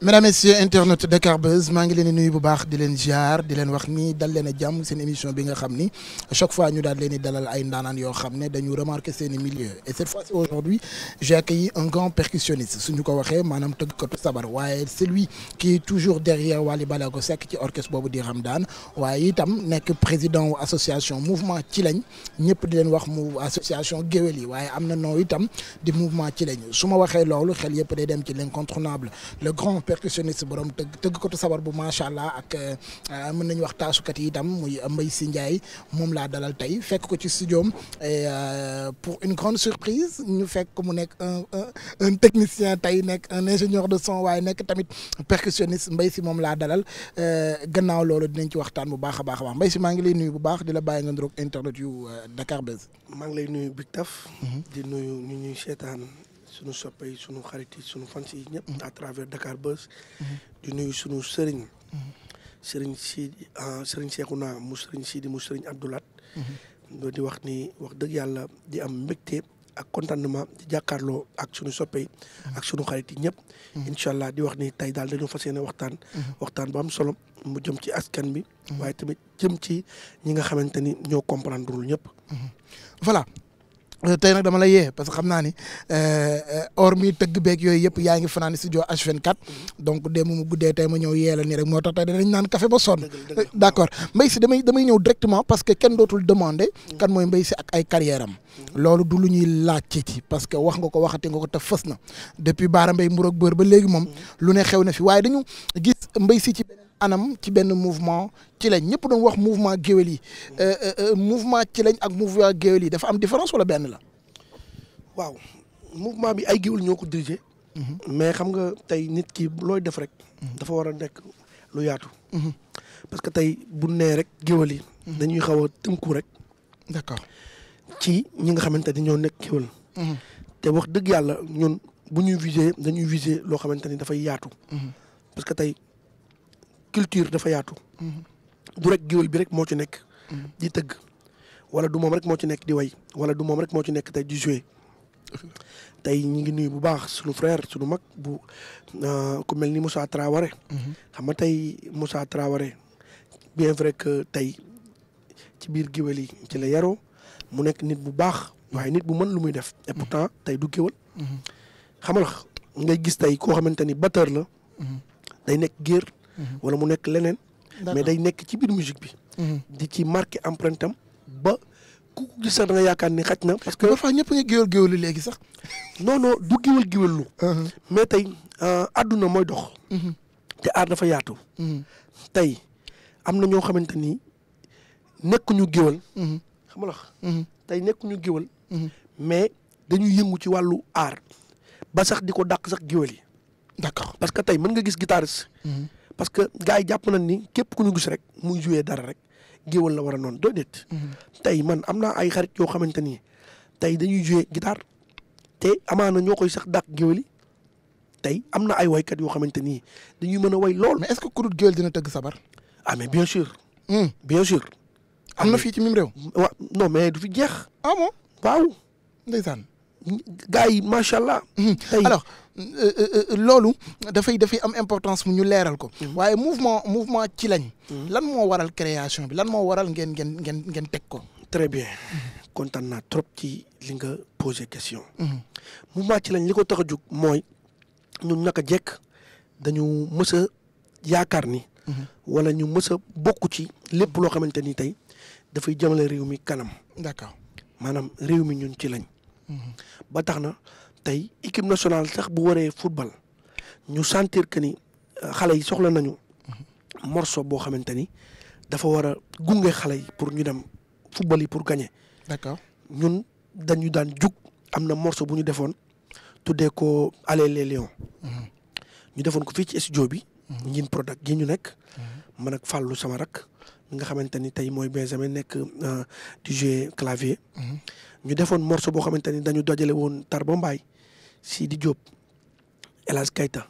mesdames messieurs internautes de Dakar maa ngi leen nuyu bu baax di leen ziar di leen wax ni dal leen a jàmm seen émission bi nga xam ni chaque fois ñu daal leen di dalal ay ndaanaan yoo xam ne dañu remarqué seen milieu et cette fois-ci aujourd'hui j'ai accueilli un grand percussionniste suñu ko waxee maanaam tëggkatu sabar waaye celui qui est toujours derrière Wally Balago Seck ci orchestre boobu di daan waaye itam nekk président association mouvement ci lañ ñëpp di leen wax mu association géwél yi waaye am na noo itam di mouvement ci lañ su ma waxee loolu xel yëpp day dem ci l'incontournable le percussionniste borom tëgg tëggkatu sabar bu macha allah ak euh, mën nañu wax taasukat yi itam muy Mbaye Sy Ndiaye moom laa dalal tey fekk ko ci studio euh, pour une grande surprise ñu fekk ko mu nekk un un technicien tey nekk un ingénieur de son waaye nekk tamit percussionniste mbay si moom laa dalal euh, gannaaw loolu dinañ ci waxtaan bu baax a baax a baax Mbaye maa ngi lay nuyu bu baax di la bàyyi nga ndoroog internet yu Dakar Buzz. maa ngi lay nuyu Big Taf. Mhm. di nuyu ñu ñuy seetaan. suñu soppee yi suñu xarit yi suñu fans yi ñëpp mhm. à travers Dakar Buzz mhm. di nuyu suñu sëriñ mhm. sëriñ Sidi ah, sëriñ Seexuna mu sëriñ Sidi mu sëriñ Abdoulaat di wax ni wax dëgg yàlla di am mbégte ak contentement di jàkkaarloo ak suñu soppe ak suñu xarit yi ñëpp incha allah di wax ni tey daal dañoo fas yéene waxtaan waxtaan bu am solo mu jëm ci askan bi waaye tamit jëm ci ñi nga xamante ni ñoo comprendrewul ñëpp voilà tey nag dama lay yee parce que xam naa ni euh, or mi tëgg beeg yooyu yëpp yaa ngi fanaan studio H24 donc démb mu guddee tey ma ñëw yee la nii rek moo tax tey danañ naan café ba sonn d' euh, accord Mbaye Sy damay damay ñëw directement parce que kenn dootul demander kan mooy Mbaye Sy ak ay carrière am loolu du lu ñuy laaj ci parce que wax nga ko waxati nga ko te fës na depuis Baara Mbaye Mbuur ak Bër ba léegi moom lu ne xew na fi waaye dañu gis mbay si ci anam ci benn mouvement ci lañ ñëpp doon wax mouvement géwél yi euh, euh, euh, mouvement ci lañ ak mouvement géwél yi dafa am différence wala benn la. waaw mouvement bi ay géwél ñoo ko dirigé. Mhm. mais xam nga tey nit ki looy def rek. Mhm. dafa war a nekk lu yaatu. Mhm. parce que tey bu nee rek géwél yi. dañuy xaw a tënku rek. d'accord ci ñu nga xamante ni ñoo nekk géwél. te wax dëgg yàlla ñun bu ñuy viser dañuy viser loo xamante ni dafay yaatu. parce que tey. culture dafa yaatu. du rek géwél bi rek moo ci nekk. di tëgg wala du moom rek moo ci nekk di way wala du moom rek moo ci nekk tey di jouer tey ñu ngi nuyu bu baax sunu frère sunu mag bu euh, ku mel ni Moussa Traoré. xam nga tey Moussa Traoré bien vrai que tey ci biir géwél yi ci la yaroo mu nekk nit bu baax waaye nit bu mën lu muy def. et temps tey du géwél. xam nga ngay gis tey koo xamante ni batteur la. day nekk géer. Mhm. wala mu nekk leneen. mais day nekk ci biir musique bi. Mhm. di ci marqué empreinte am ba ku gis sax da yaakaar ni xaj na. parce que parfois ñëpp nga géwél géwél léegi sax. non non du géwél géwél lu. Mhm. mais tey euh, mooy dox. te aar dafa yaatu. tey am na ñoo xamante ni nekkuñu géwél. xam nga tey nekkuñu géwél. mais dañuy yëngu ci wàllu aar ba sax di ko dàq sax géwél yi. d'accord parce que tey mën nga gis guitariste. parce que gars yi jàpp nañ ni képp ku ñu gis rek muy joué dara rek géwél la war a noonu déedéet. Mm-hmm. tey man am naa ay xarit yoo xamante ni tey dañuy joué guitare te amaana ñoo koy sax dàq géwal yi tey am na ay waykat yoo xamante ni dañuy mën a way lool. mais est-ce que ku dul dina tëgg sabar. amee ah, mais hmm. bien sûr. am na fii ci mim réew. waaw mais du fi jeex. ah bon waaw. yi macha allah. Hmm. tey loolu dafay dafay am importance mu ñu leeral ko. Mm-hmm. waaye mouvement mouvement ci lañ. Mm-hmm. lan moo waral création bi lan moo waral ngeen ngeen ngeen ngeen teg ko. très bien kontaan trop ci li nga posé question. Mm-hmm. mouvement ci lañ li ko tax a jóg mooy ñun naka jekk dañu mës yaakaar ni. wala ñu mës a bokk ci lépp loo xamante ni tey dafay jëmale réew mi kanam. d'accord maanaam réew mi ñun ci lañ. ba tax na. tey équipe nationale sax bu waree football ñu sentir que ni euh, xale yi soxla nañu morso boo xamante ni dafa war a gunge xale yi pour ñu dem football yi pour gagner. d'accord ñun dañu daan jug am na morceau bu ñu defoon tuddee ko Allez les Lions. Mm-hmm. ñu defoon ko fii ci studio bi. ñin mm-hmm. product gi ñu nekk. Mm-hmm. man ak Fallou sama rak nga xamante ni tey mooy Benjamin nekk euh, di jouer clavier. ñu defoon morceau boo xamante ni dañu dajale woon Tarba Mbaye Sidi di El Hadj Kayta.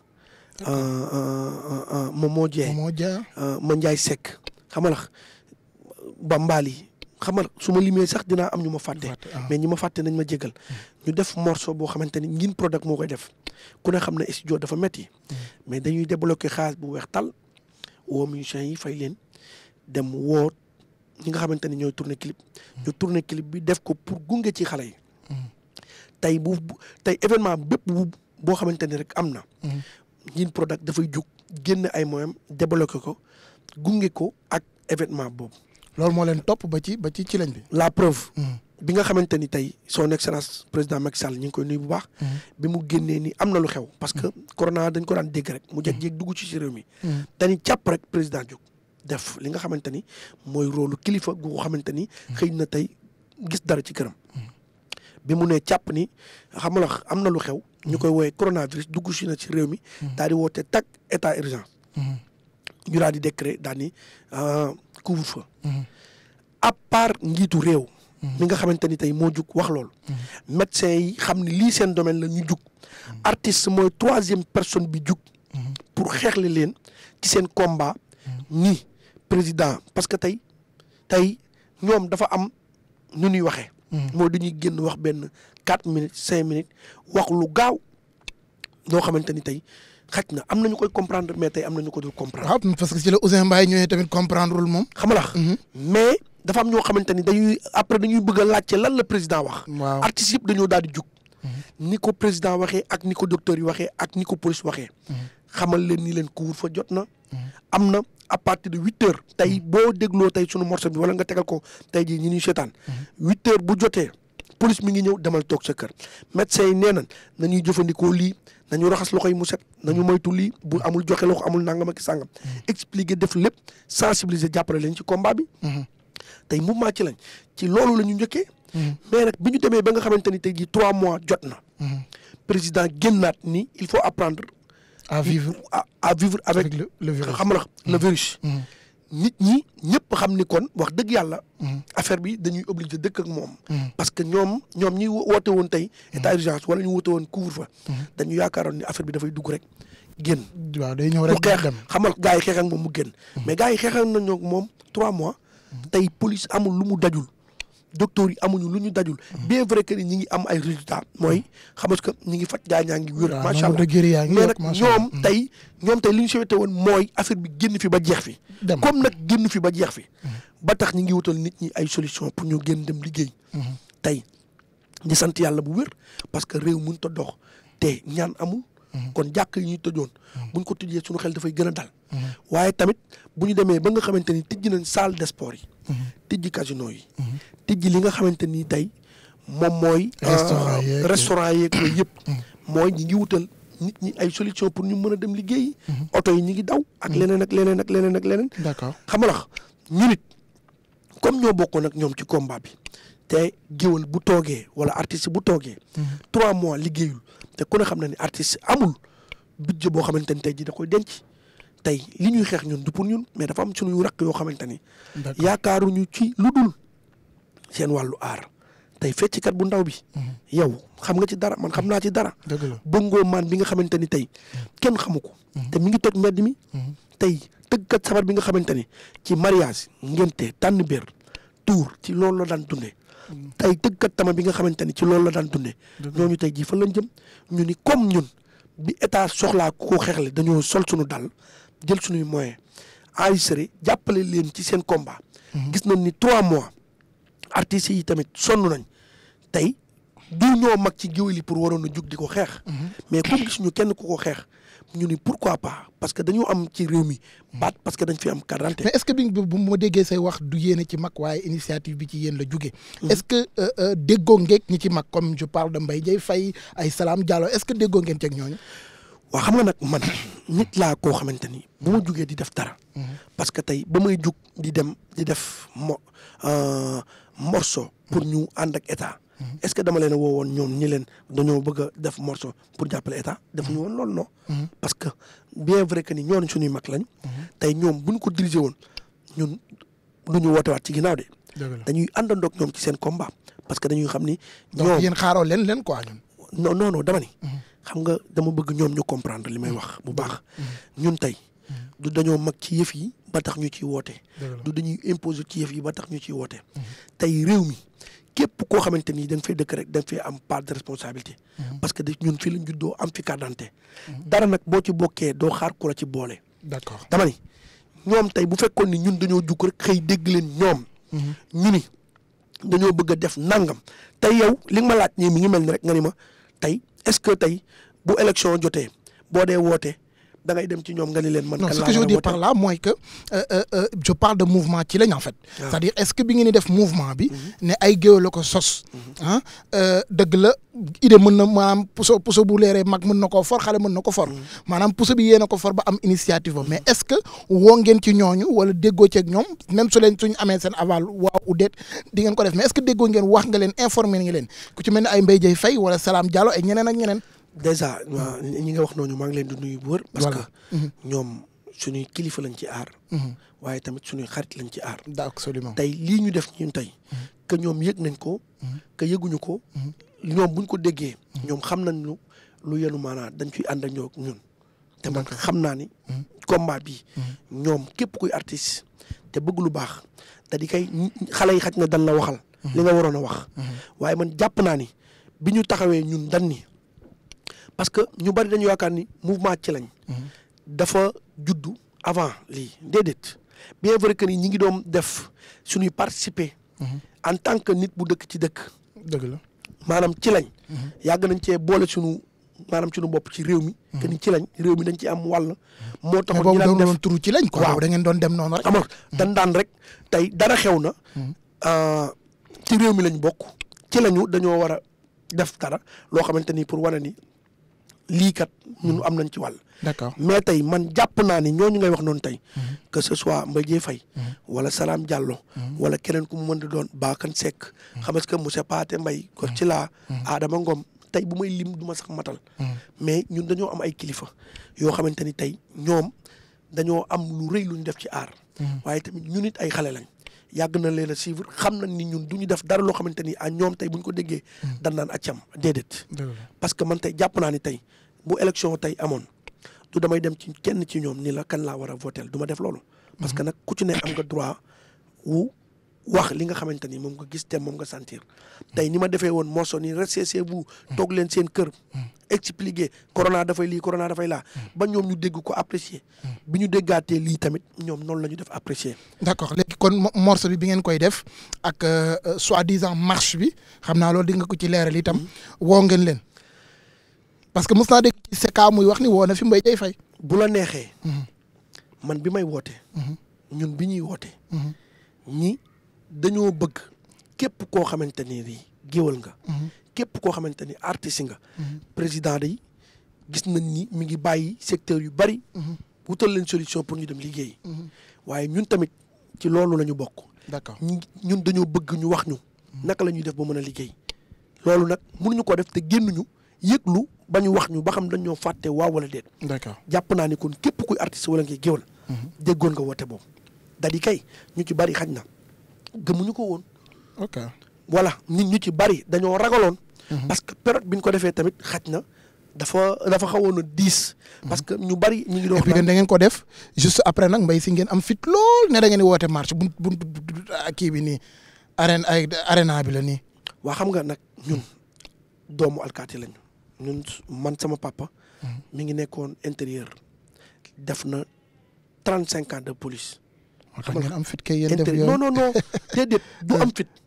Euh, euh, euh, Momo Dieng Momo Dieng. Mandiaye Seck xam nga ndax Bambali xam nga su ma limee sax dinaa am ñu ma fàtte. Ah. mais ñi ma fàtte nañ ma jégal. Hmm. ñu def morso boo xamante ni ngin product moo koy def ku ne xam na studio dafa metti hmm. mais dañuy débloqué xaalis bu weex tal woo musiciens yi fay leen dem woo ñi nga xamante ni ñooy tourné clip. Hmm. ñu tourné clip bi def ko pour gunge ci xale yi. tey bu tey événement bépp bu boo xamante ni rek am na. ñun mhm. Prodac dafay jóg génn ay moyens débloqué ko gunge ko ak événement boobu. loolu moo leen topp ba ci ba ci ci lañ bi. la preuve. Mhm. bi nga xamante ni tey son excellence président max Sall ñu ngi koy nuyu bu baax. Mhm. bi mu génnee ni am na lu xew. parce que corona dañ ko daan dégg rek. mu jeg jeg dugg ci si réew mi. dañuy càpp rek président jóg def li nga xamante ni mooy rôle kilifa gu xamante ni. xëy na tey gis dara ci këram. bi mu nee càpp ni xam nga am na lu xew. ñu mm-hmm. koy woowee coronavirus dugg si na ci réew mi. Mm-hmm. daal di woote tag état urgence. Mm-hmm. ñu daal di décret daani ni euh, couvre-feu. à njiitu réew. mi nga xamante ni tey moo jug wax loolu. médecin yi xam ne lii seen domaine la ñu jug. artiste mooy troisième personne bi jug. pour xeexle leen ci seen combat. ni président parce que tey tey ñoom dafa am nu ñuy waxee. mooy du ñuy génn wax benn quatre minutes cinq minutes wax lu gaaw loo xamante ni tey xaj na am na ñu koy comprendre mais tey am na ñu ko dul comprendre. waaw parce que ci la Ouzin Mbaye ñëwee tamit comprendre lul moom. xamalax mm-hmm. mais dafa am ñoo xamante ni dañuy après dañuy bëgg a laajte lan la président wax. waaw artistes yëpp dañoo daal di jug. Mm-hmm. ni ko président waxee ak ni ko docteur yi waxee ak ni ko police waxee. Mm-hmm. xamal leen nii leen couvre-feu jot na. Mm-hmm. am na à partir de huit heures. tey mm-hmm. boo dégloo tey sunu morceau bi wala nga tegal ko tey jii ñu ñuy seetaan. Mm-hmm. huit heures bu jotee. police mi ngi ñëw demal toog sa kër médecin yi nee na ñuy jëfandikoo lii nañu raxas loxo yi mu set nañu moytu lii bu amul joxe loxo amul nangam ak sàngam. expliquer def lépp sensibiliser jàppale leen ci combat bi. tey mu ci lañ ci loolu la ñu njëkkee. mais nag bi ñu demee ba nga xamante ni tey jii trois mois jot na. président génnaat ni il faut apprendre à vivre à, à vivre avec, le, virus xam nga le mm-hmm. virus. Mm-hmm. nit ñi ñëpp xam ni kon wax dëgg yàlla. Mm-hmm. affaire bi dañuy obligé dëkk ak moom. parce que ñoom ñoom ñi woote woon tey. état d'urgence wala ñu woote woon couvre-feu. dañu yaakaaroon ni affaire bi dafay dugg rek génn. waaw day ñëw rek xeex xamal gaa yi xeex ak moom mu génn. mais gaa yi xeexal nañoo ak moom trois mois. tey police amul lu mu dajul. docteur yi amuñu lu ñu dajul. Mm-hmm. bien vrai que ni ñi ngi am ay résultats mooy xam nga ñi ngi faj gaa ñaa ngi wér. macha allah mais nag ñoom mm-hmm. tey ñoom tey li ñu souhaité woon mooy affaire bi génn fi ba jeex fi. comme nag génn fi ba jeex fi. Mm-hmm. ba tax ñi ngi wutal nit ñi ay solution pour ñu génn dem liggéey. tey di sant yàlla bu wér parce que réew mënut a dox te ñaan amul. kon jàkk yi ñuy tëjoon. buñ ko tijjee suñu xel dafay gën a dal. waaye tamit bu ñu demee ba nga xamante ni tijji nañ salle de sport yi. tijji casino yi. tijji li nga xamante ni tey moom mooy. restaurant yeeg restaurant yeeg yooyu mm. mooy ñi ngi wutal nit ñi ay solution pour ñu mën a dem liggéeyi. Mm-hmm. oto yi ñu ngi daw. ak mm. leneen ak leneen ak leneen ak leneen. d'accord xam nga ñu nit comme ñoo bokkoon ak ñoom ci combat bi. te géwal bu toogee wala artiste bu toogee. Mm-hmm. trois mois liggéeyul te ku ne xam na ni artist amul budget boo xamante ni tey ji da koy denc tey li ñuy xeex ñun du pour ñun mais dafa am suñuy rakk yoo xamante ni. yaakaaruñu ci lu dul. seen wàllu aar tey fecckat bu ndaw bi. yow xam nga ci dara man xam naa ci dara. bëngoo maan bi nga xamante ni tey kenn xamu ko. te mu ngi toj mbedd mi. tey tëggkat sabar bi nga xamante ni ci mariage ngénte tànn béer ci loolu la daan dundee. tey tëggkat tama bi nga xamante ni ci loolu la daan dundee. ñooñu tey jii fa lañ jëm ñu ni comme ñun bi état soxlaa koo xeexle dañoo sol suñu dal jël suñuy moyen enregistré jàppale leen ci seen combat. Mhm. gis nañ ni trois mois. artistes yi tamit sonn nañ tey du ñoo mag ci géwél yi pour waroon a jug di ko xeex. Mhm. mais comme gis ñu kenn ku ko xeex ñu ni pourquoi pas parce que dañoo am ci réew mi. baat parce que dañ fi am carte mais est ce que bi bu ma déggee say wax du yéene ci mag waaye initiative bi ci yéen la jugee. Mhm. est ce que euh, euh, déggoo ngeeg ñi ci mag comme je parle de Mbaye Dieye Faye ay salaam Diallo est ce que déggoo ngeen ceeg ñooñu. waaw xam nga nag man nit laa koo xamante ni bu ma jugee di def dara. Mhm. parce que tey ba may jug di dem di def mo. Euh, morceau pour ñu ànd ak état. est-ce que dama leen woo woon ñoom ñi leen dañoo bëgg a def morceau pour jàppale état def ñu woon loolu non. Mm-hmm. parce que bien vrai que ni ñooñu suñuy mag lañ. Mm-hmm. tey ñoom bu ko diriger woon ñun du ñu wootewaat ci ginnaaw de. dañuy àndandoo ak ñoom ci seen combat parce que dañuy xam ni. ñoom donc yéen leen leen quoi ñun. non non dama ni. Mm-hmm. xam nga dama bëgg ñoom ñu comprendre li may wax bu baax. ñun tey du dañoo mag ci yëf yi ba tax ñu ciy woote. du dañuy imposer ci yëf yi ba tax ñu ciy woote. Mhm. tey réew mi képp koo xamante ni da nga dëkk rek da nga am part de responsabilité. Mhm. parce que ñun fii lañ juddoo am fi mhm. dara nag boo ci bokkee doo xaar ku la ci boole. d'accord dama ni ñoom tey bu fekkoon ni ñun dañoo jug rek xëy dégg leen ñoom. ñu ni dañoo bëgg a def nangam tey yow li nga ma laaj mi ngi mel ni rek nga ni ma tey est-ce que tey bu élection jotee boo dee wootee da dem ci ñoom nga ni leen man. non ce que je veux dire par mooy que euh, euh, euh, je de mouvement ci la en fait. Ah. dire est-ce que bi ngeen def mouvement bi. Mhm. ne ay géew la ko sos. Mhm. ah dëgg la idée mën na maanaam puso bu leeree mag mën na ko for xale mën na ko for. Mhm. maanaam puso bi yéen a ko for ba am initiative ba mais est-ce que woo ngeen ci ñooñu wala déggoo ci ak ñoom même su leen suñ amee seen aval waaw ou déet di ko def mais est-ce que déggoo ngeen wax nga leen informer nga leen ku ci mel ne ay Mbaye Dieye Faye wala Salam Diallo ay ñeneen ak ñeneen. dèjà mm-hmm. ñi nga wax noonu maa ngi leen di nuyu bu wër. parce que mm-hmm. ñoom suñuy kilifa lañ ci aar. Mm-hmm. waaye tamit suñuy xarit lañ ci aar. absolument tey lii ñu def ñun tey. que ñoom yëg nañ ko. que yëguñu ko. ñoom buñ ko déggee. ñoom xam nañ lu lu yenu maanaa dañ ciy ànd ñun. te man xam naa ni. combat bi. ñoom képp kuy artiste. te bëgg lu baax te di kay xale yi xaj na dan la waxal. li nga waroon a wax. waaye man jàpp naa ni bi ñu taxawee ñun dan ni parce que ñu bari dañu yaakaar ni mouvement ci lañ. dafa juddu avant lii déedéet bien vrai que ni ñi ngi doon def suñuy participer. en tant que nit bu dëkk ci dëkk. dëgg la maanaam ci lañ. Mhm. yàgg nañ cee boole suñu maanaam suñu bopp ci réew mi. Mhm. que ci lañ réew mi dañ ci am wàll. moo tax ñu daan def doon ci lañ. quoi waaw da ngeen doon dem noonu rek. amoon dañ rek tey dara xew na. Mhm. Euh, ci réew mi lañ bokk. ci lañu dañoo war a def dara loo xamante ni pour wane ni. lii kat ñun am nañ ci wàll. d'accord mais tey man jàpp naa ni ñooñu ngay wax noonu tey. Mm-hmm. que ce soit Mbaye Dièye fay mm-hmm. wala salaam Diallo. Mm-hmm. wala keneen ku mu mën di doon Bakane Seck. xam nga que monsieur Pathé Mbaye. ko ci laa. Adama Ngom tey bu may lim du ma sax matal. mais ñun dañoo am ay kilifa yoo xamante ni tey ñoom dañoo am lu rëy lu ñu def ci aar. waaye tamit ñun it ay xale lañ. yàgg na leen a suivre xam nañ ni ñun du ñu def dara loo xamante ni à ñoom tey bu ñu ko déggee. Hmm. dan naan accam déedéet. parce que man tey jàpp naa ni tey bu élection tey amoon du damay dem ci kenn ci ñoom ni la kan laa war a votel duma def loolu. parce que hmm. nag ku ci ne am nga droit wu wax li nga xamante ni moom nga gis te moom nga sentir. Hmm. tey ni ma defee woon mooso ni resté bu toog leen seen kër. expliquer corona dafay lii corona dafay laa. ba ñoom ñu dégg ko apprécier. bi ñu déggaatee lii tamit ñoom noonu la ñu def apprécier. d' accord léegi kon morceau bi bi ngeen koy def ak euh, euh, soi-disant marche bi xam naa loolu di nga ko ci leeral itam woo ngeen leen parce que mos naa dégg ci CECA muy wax ni woo na fi Mbaye Dieye fay bu la neexee. Mhm. man bi may woote. Mhm. ñun bi ñuy woote. Mhm. ñi dañoo bëgg képp koo xamante ne bii géwal nga. képp koo xamante ni artiste nga. Mhm. président day gis nañ ni mu ngi bàyyi secteur yu bari. Mhm. wutal leen solution pour ñu dem liggéey. Mhm. waaye ñun tamit ci loolu lañu ñu bokk. ñu ñun dañoo bëgg ñu wax ñu. naka la ñuy def ba mën a liggéey. loolu nag mënuñu ko def te génnuñu yëglu ba ñu wax ñu ba xam dañoo fàtte waaw wala déet. d'accord jàpp naa ne kon képp kuy artiste wala ngay géwal. déggoon nga woote boobu. da di kay ñu ci bari xaj na gëmuñu ko woon. ok voilà nit ñu ci bari dañoo ragaloon. Mhm. parce que période bi ñu ko defee tamit xaj na dafa dafa xawoon a diis. Mhm. parce que ñu bari ñu ngi doon. et puis da ngeen ko def juste après nag mbay si ngeen am fit lool ne da ngeen di woote marche bu bu ah, kii bi nii. arène ay arène bi la nii. waa xam nga nag ñun doomu alkaati lañu man sama papa. Mhm. mi ngi nekkoon intérieur. def na trente cinq de police. xam nga am fit def non non non déedéet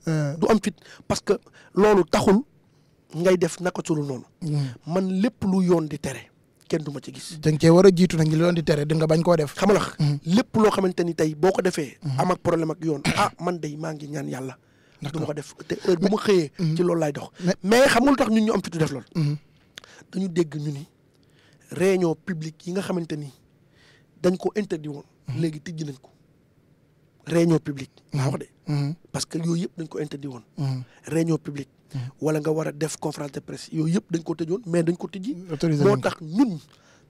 euh, euh. parce que loolu taxul. ngay def naka sulu noonu. Hmm. man lépp lu yoon di tere kenn du ma ci gis. da nga war a jiitu nag lu di tere di nga bañ koo def. xam nga hmm. lépp loo xamante ni tey boo ko defee. Hmm. am ak problème ak yoon a ah, man dey maa ngi ñaan yàlla. du ma ko def te heure bu ma xëyee. ci loolu laay dox. mais xamul tax ñun ñu am fitu def loolu. dañu dégg ñu ni réunion publique yi nga xamante ni dañ ko interdit léegi tijji nañ ko réunion publique. parce que yooyu yëpp dañ ko interdit woon. Mhm. réunion publique. wala nga war a def conférence de presse yooyu yëpp dañ ko tëjoon mais dañ ko tëjji. moo tax ñun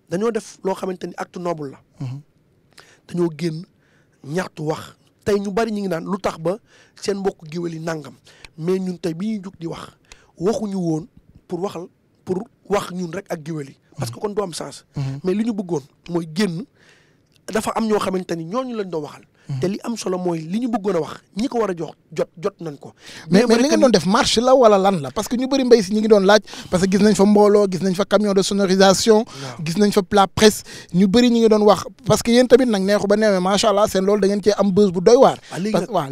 dañoo def loo xamante ni acte noble la. Mhm. dañoo génn ñaxtu wax. tey ñu bari ñu ngi naan lu tax ba seen mbokk géwél yi nangam mais ñun tey bi ñuy jug di wax waxuñu woon pour waxal pour wax ñun rek ak géwél yi. parce que mhm. kon doo am sens. mais li ñu bëggoon mooy génn dafa am ñoo xamante ni ñooñu lañ doon waxal. te li am solo mooy li ñu bëggoon a wax ñi ko war a jox jot jot nañ ko. mais mais li ngeen doon def marche la wala lan la parce que ñu bëri mbéy si ñu ngi doon laaj parce que gis nañ fa mbooloo gis nañ fa camion de sonorisation. gis nañ fa plat presse ñu bëri ñi ngi doon wax parce que yéen tamit nag neexu ba neewee macha allah seen loolu da ngeen cee am ah,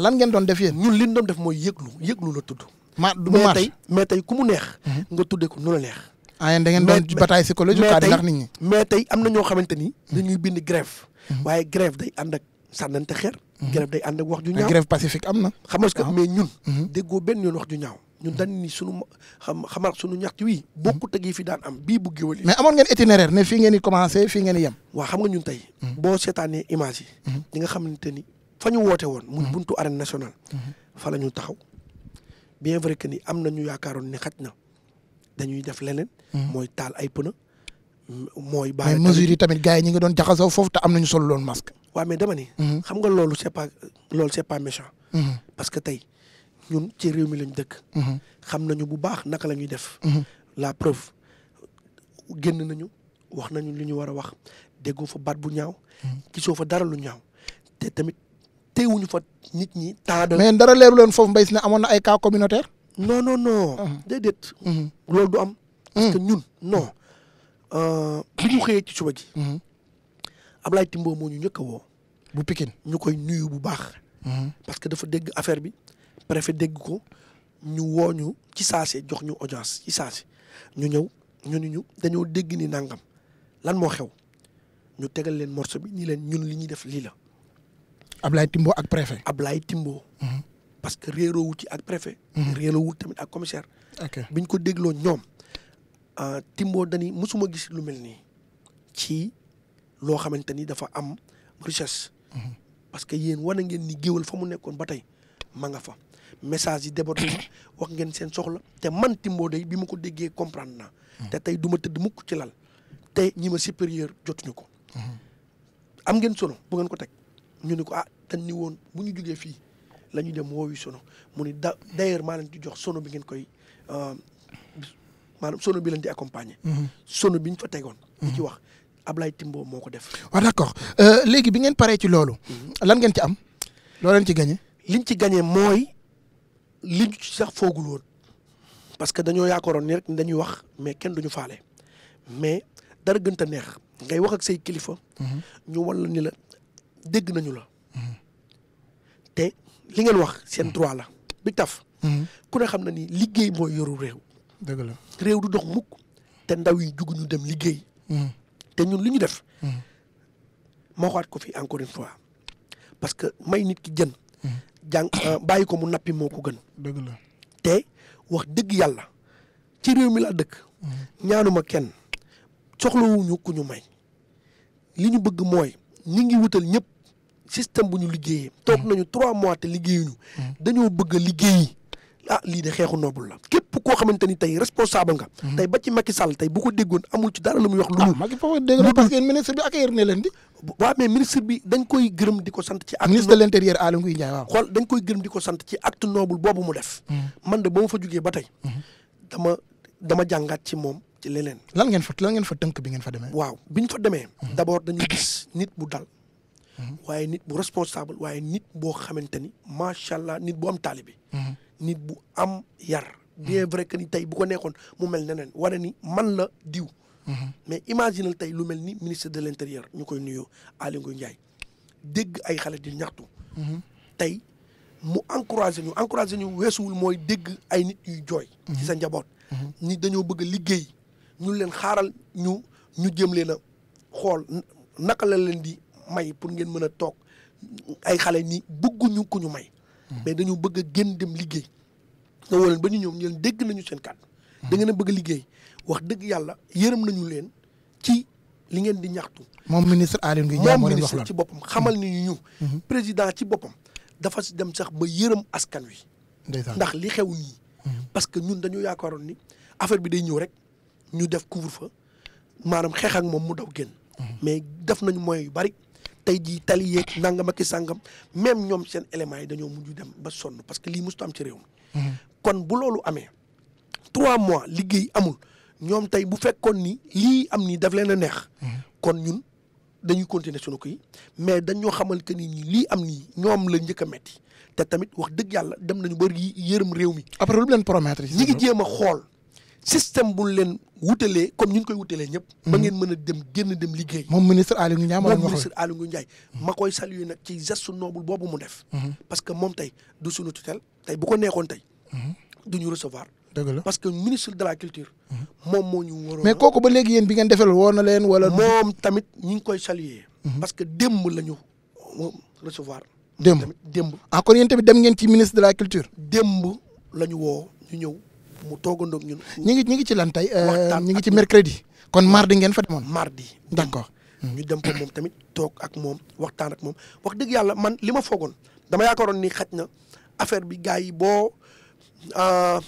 la ngeen doon def yéen. ñun li ñu doon def mooy yëglu yëglu la tudd. ma mais tey mais ku mu neex. Mhm. nga tuddee ko nu la neex. ah yéen da ngeen doon bataille psychologique. ndax nit ñi mais tey am na ñoo xamante ni mhm. dañuy bind grève mhm. waaye grève ànd ak sànnante xeer. Mhm. grève day ànd ak wax ju ñaaw grève pacifique am na. xam nga ah. mais ñun. Mhm. déggoo benn yoon wax ju ñaaw. ñun dañ ni sunu xam xamal sunu ñaxtu wii. Mhm. bokkut ak yi fi daan am bii bu géwël mais amoon ngeen itinéraire ne fii ngeen di fii ngeen di waa xam nga ñun tey. boo seetaanee image yi. di nga xamante ni fa ñu woote woon. muy buntu arène national fa la ñu taxaw bien vrai que ni am na ñu yaakaaroon ne xaj na dañuy def leneen. mooy taal ay pneu. mooy baax mais mesures yi tamit gars yi ñi ngi doon jaxasoo foofu te am nañu solo loolu masque. waaw mais dama ni. Mhm. xam nga loolu c'est pas loolu c'est pas méchant. Mhm. parce que tey ñun ci réew mi lañ dëkk. Mhm. xam nañu bu baax naka lañuy ñuy def. la preuve génn nañu wax nañu lu ñu war a wax déggoo fa baat bu ñaaw. gisoo fa dara lu ñaaw te tamit teewuñu fa nit ñi. taada mais dara leeru leen foofu mbay si ne amoon na ay cas communautaire. non non non. déedéet. loolu du am. parce Euh, bu ñu xëyee ci suba ji. Mhm. Ablaye Timbo moo ñu njëkk woo. bu Pikine ñu koy nuyu bu baax. Mhm. parce que dafa dégg affaire bi préfet dégg ko ñu wooñu ci saase jox ñu audience ci saase ñu ñëw ñu ni ñu dañoo dégg ni nangam lan moo xew ñu tegal leen morso bi nii leen ñun li ñuy def lii la. Ablaye timboo ak préfet. Ablaye timboo mhm. parce que réeroo wu ci ak préfet. réeroo wu tamit ak commissaire. ok bi ñu ko dégloo ñoom. Euh, timboo dani mosuma gis lu mel nii ci loo xamante ni dafa am richesse. Mhm. parce que yéen wane ngeen ni géwal fa mu nekkoon ba tey ma nga fa message yi déborder wax ngeen seen soxla te man timboo day bi ma ko déggee comprendre naa. Mhm. te tey duma tëdd mukk ci lal te ñi ma superieur jotuñu ko. Mhm. am ngeen sono bu ngeen ko teg ñu ne ko ah dañ ni woon bu ñu jugee fii la ñu dem woowi sono mu ni da d'ailleurs maa leen di jox sono bi ngeen koy euh, maanaam sono bi leen di accompagner. Mhm. sono bi ñu fa tegoon. di ci mhm. wax Ablaye timboo moo ko def. waaw ah, d' euh, léegi bi ngeen paree ci loolu. Mhm. lan ngeen ci am loo ci gagné. liñ ci gagné mooy liñ ci sax foogul woon parce que dañoo yaakaaroon ni rek dañuy wax mais kenn duñu faale mais dara gënta neex ngay wax ak say kilifa. ñu walla ni la dégg nañu la. te li ngeen wax seen droit la bi taf. ku ne xam na ni liggéey mooy yoru réew. dëgg la réew du dox mukk te ndaw yi jug ñu dem liggéey. Mm. te ñun li ñu def. moo mm. xaat ko fi encore une fois parce que may nit ki jën. Mm. jàng euh, bàyyi ko mu nappi moo ko gën. dëgg te wax dëgg yàlla ci réew mi laa dëkk. ñaanuma kenn soxlawuñu ku ñu may li ñu bëgg mooy ñi ngi wutal ñëpp système bu ñu liggéeyee. toog nañu trois mois te liggéeyuñu. dañoo bëgg a liggéeyi ah lii de xeexu noobul la. koo xamante ni tey responsable nga. Mhm. tey ba ci Macky Sall tey bu ko déggoon amul ci dara lu muy wax. lu ah, Macky foofu dégg na parce que ministre bi accueillir na leen di. waaw mais ministre bi dañ koy gërëm di ko sant ci. acte ministre de l'intérieur Aly Ngouille Ndiaye waaw. ko sant ci acte noble boobu mu def. Mhm. man de ba ma fa jugee ba tey. Mhm. dama dama jàngaat ci moom ci leleen lan ngeen fa lan fa tënk bi ngeen fa demee. waaw bi ñu fa demee. d'abord dañu gis nit bu dal. waaye nit bu responsable waaye nit boo xamante ni macha allah nit bu am taalibe. nit bu am yar. bien vrai que ni tey bu ko nekkoon mu mel neneen wane ni man la diw. mais imaginal tey lu mel ni ministre de l' ñu koy nuyu Aly Ngouille dégg ay xale di ñaxtu. tey mu encouragé ñu encouragé ñu weesuwul mooy dégg ay nit yuy jooy. ci sa njaboot. ni dañoo bëgg liggéey ñu leen xaaral ñu ñu jëm leen a xool naka la leen di may pour ngeen mën a toog ay xale ni bëgguñu ku ñu may. mais dañoo bëgg a dem liggéey. nga woo leen ba ñu ñëw ñu dégg nañu seen kàddu. da ngeen a bëgg a liggéey wax dëgg yàlla yërëm nañu leen ci li ngeen di ñaxtu. moom ministre Aly Ngouille Ndiaye moo leen wax moom ministre ci boppam xamal mm-hmm. ni ñu. Mm-hmm. président ci boppam dafa si dem sax ba yërëm askan wi. ndax li xew nii. Mm-hmm. parce que ñun dañoo yaakaaroon ni affaire bi day ñëw rek ñu def couvre-feu maanaam xeex ak moom mu daw génn. mais def nañu moyens yu bari. tey jii tali yeeg nangam ki i sàngam même ñoom seen éléments yi dañoo mujj dem ba sonn parce que lii musta ci réew mi. kon bu loolu amee trois mois liggéey amul ñoom tey bu fekkoon nii lii am nii daf leen a neex. kon ñun dañuy continuer sunu kii mais dañoo xamal que ni lii am nii ñoom la njëkk a metti te tamit wax dëgg yàlla dem nañu ba yërëm réew mi. après lu leen yi ñi ngi jéem a xool système bu leen wutalee comme ñu koy wutalee ñëpp. ba hmm. ngeen mën a dem génn dem liggéey. moom ministre ale Ndiaye moom ministre Aliou Ndiaye. Hmm. ma koy saluer nag ci geste noble boobu mu def. Hmm. parce que moom tey du sunu tutelle tey bu ko neexoon tey. du ñu recevoir. parce que ministre de la culture. moom moo ñu waroon mais kooku ba léegi yéen bi ngeen defee woo na leen wala. moom tamit ñi ngi koy saluer. parce que démb la ñu recevoir. démb démb. ah kon tamit dem ngeen ci ministre de la culture. démb la ñu woo ñu ñëw mu toogandoog ñun. ñi ngi ñi ngi ci lan tey. Euh, ñi ngi ci mercredi. kon mardi ngeen fa demoon. mardi d' accord. ñu dem ko moom tamit toog ak moom waxtaan ak moom wax dëgg yàlla man li ma foogoon dama yaakaaroon ni xaj na affaire bi gars yi boo. Euh,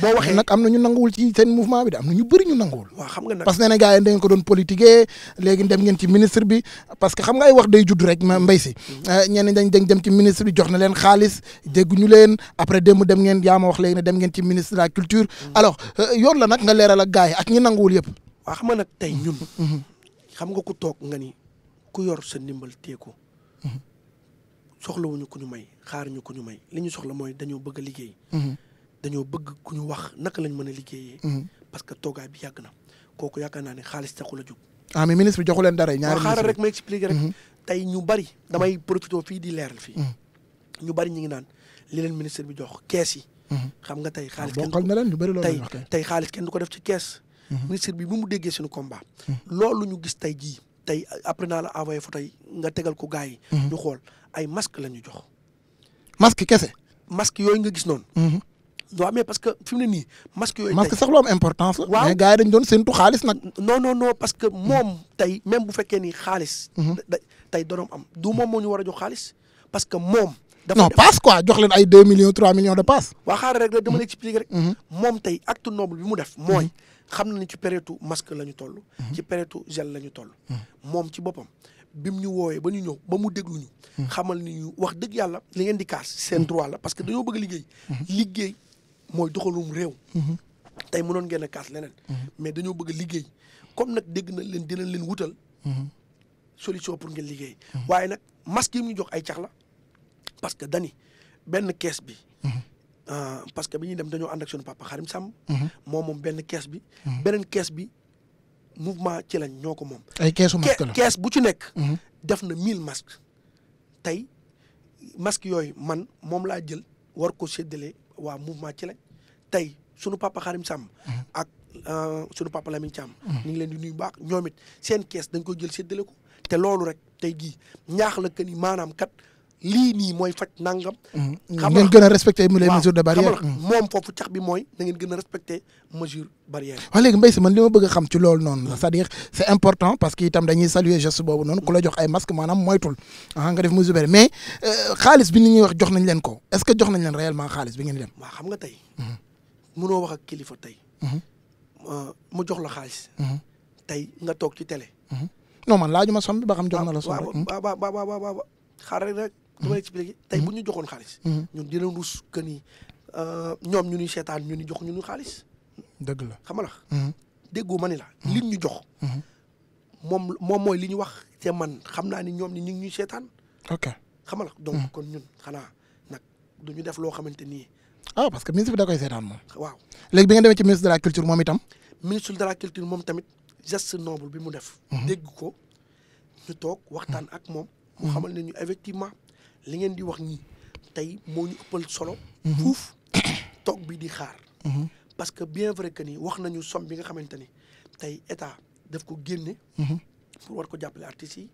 boo waxee nag am na ñu nanguwul ci seen mouvement bi de am na ñu bëri ñu nanguwul. waaw xam nga nag parce que nee na gars yi da ngeen ko doon politiquer léegi dem ngeen ci ministre bi parce que xam nga ay wax day judd rek ma mbay si. Mm-hmm. Euh, ñenn dañ dañ dem ci ministre bi jox na leen xaalis dégguñu leen après démb dem ngeen yaa ma wax léegi ne dem ngeen ci ministre de la culture. Mm-hmm. alors euh, yoon la nag nga leeral ak gars yi ak ñi nanguwul yëpp. waaw xam nga nag tey ñun. Mm-hmm. xam nga ku toog nga ni ku yor sa ndimbal teeku. soxlawuñu ku ñu may xaar ñu ku ñu may li ñu soxla mooy dañoo bëgg a liggéey dañoo bëgg ku ñu wax naka lañ mën a liggéeyee. Mhm. parce que toogaay bi yàgg na kooku yaakaar naa ne xaalis taxul la jóg. ah mais ministre bi leen dara ñaari xaaral rek ma expliqué rek. Mhm. tey ñu bari fii di leeral fii. Mhm. ñu bari ñu ngi naan li leen ministre bi jox kees yi. xam nga tey xaalis ah, kenn bokkal na leen ñu bari loolu tey tey xaalis kenn du ko def ci kees. ministre bi bu mu déggee suñu combat. loolu ñu gis tey jii tey après naa la envoyé photo tey nga tegal ko gars yi. ñu xool ay masque la ñu jox. masque kese. masque yooyu nga gis noonu. waaw mais parce que fi mu ne nii masque yooyu masque sax lu am importance la waaw mais gars yi dañ doon séntu xaalis nag non parce que moom tey même bu fekkee ni xaalis mhm. tey donoom am du moom moo ñu war a jox xaalis parce que moom non passe jox leen ay deux millions trois millions de passe waa xaaral rek la dama lay expliquer rek mhm. moom tey acte noble bi mu def mooy mhm. xam na ni ci période masque la ñu toll ci période gel la ñu toll moom ci boppam bi mu ñu woowee ba ñu ñëw ba mu déglu ñu xamal ni ñu wax dëgg yàlla li ngeen di kaas seen droit la parce que dañoo bëgg liggéey liggéey mooy doxalum réew. Mhm. tey mu ngeen a kaas leneen. Mhm. mais dañoo bëgg liggéey comme nag dégg na leen dinañ leen wutal. Mhm. solution pour ngeen liggéey. waaye nag masque yi ñu jox ay cax la parce que dani benn kees bi. Ah, parce que bi ñuy dem dañoo ànd ak suñu papa Xarim sàmm moom moom benn kees bi. beneen kees bi mouvement ci lañ ñoo ko moom. ay keesu masque la kees bu ci nekk. def na mille masques tey masque yooyu man moom laa jël war ko séddale. waa mouvement ci lañ tey sunu papa Xarim Samb ak euh, sunu papa Lamine Thiam mm-hmm. ñu ngi leen di nuyu baax ñoom it seen kees dañ koy jël séddale ko te loolu rek tey gii ñaax la que maanaam kat lii nii mooy faj nangam. Mm-hmm. xam mm-hmm. ngeen gën a respecté mesures mm-hmm. moom foofu cax bi mooy na ngeen gën a respecté mesure barrière. wax léegi ma bëgg a xam ci loolu noonu la c'est-à-dire c'est important parce que itam dañuy saluer geste boobu noonu ah, nga def mesure euh, ñuy wax jox nañ leen ko est-ce que jox nañ leen réellement xaalis bi ngeen di dem. waaw xam nga tey. mënoo euh, mu jox la xaalis. tey nga toog ci télé. non man laajuma somme bi ba xam jox na la somme rek. waaw waaw waaw waaw xaaral rek. dama expliqué tey bu ñu joxoon xaalis. Mm-hmm. ñun dinañ rus que ni euh, ñoom ñu ni seetaan ñu ni jox ñu nu xaalis. dëgg la xam nga la. Mm-hmm. déggoo ma ni la. Mm-hmm. li ñu jox. moom moom mooy li ñu wax te man xam naa ni ñoom ni ñu ngi ñuy seetaan. ok xam nga la donc kon ñun xanaa nag du ñu def loo xamante ni. ah parce que ministre bi da koy seetaan moom. waaw léegi bi nga demee ci ministre de la culture moom itam. ministre de la culture moom tamit geste noble bi mu def. dégg ko ñu toog waxtaan ak moom. mu xamal ne ñu effectivement. li ngeen di wax ñi tey moo ñu ëppal solo. Mhm. fuuf toog bi di xaar. Mhm. parce que bien vrai que nii wax nañu some bi nga xamante ni tey état def ko génne. Mhm. pour war ko jàppale artistes yi